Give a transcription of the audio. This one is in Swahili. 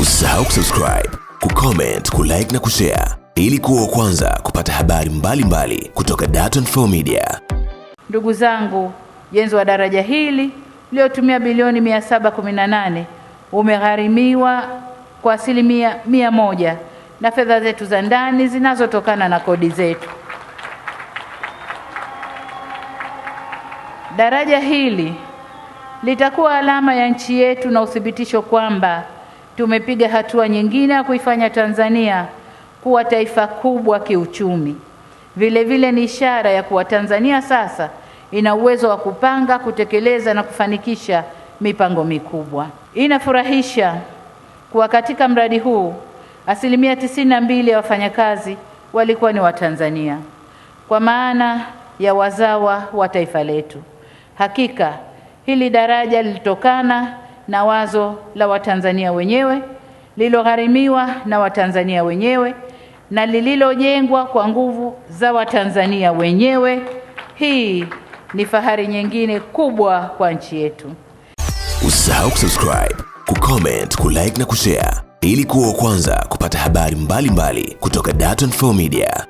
Usisahau kusubscribe, kucomment, kulike na kushare ili kuwa kwanza kupata habari mbalimbali mbali kutoka Dar24 Media. Ndugu zangu, ujenzi wa daraja hili uliotumia bilioni 718 umegharimiwa kwa asilimia mia moja na fedha zetu za ndani zinazotokana na kodi zetu. Daraja hili litakuwa alama ya nchi yetu na uthibitisho kwamba tumepiga hatua nyingine ya kuifanya Tanzania kuwa taifa kubwa kiuchumi. Vile vile ni ishara ya kuwa Tanzania sasa ina uwezo wa kupanga, kutekeleza na kufanikisha mipango mikubwa. Inafurahisha kuwa katika mradi huu asilimia tisini na mbili ya wafanyakazi walikuwa ni Watanzania, kwa maana ya wazawa wa taifa letu. Hakika hili daraja lilitokana na wazo la Watanzania wenyewe lililogharimiwa na Watanzania wenyewe na lililojengwa kwa nguvu za Watanzania wenyewe. Hii ni fahari nyingine kubwa kwa nchi yetu. Usisahau kusubscribe, kucomment, kulike na kushare ili kuwa wa kwanza kupata habari mbalimbali mbali kutoka Dar24 Media.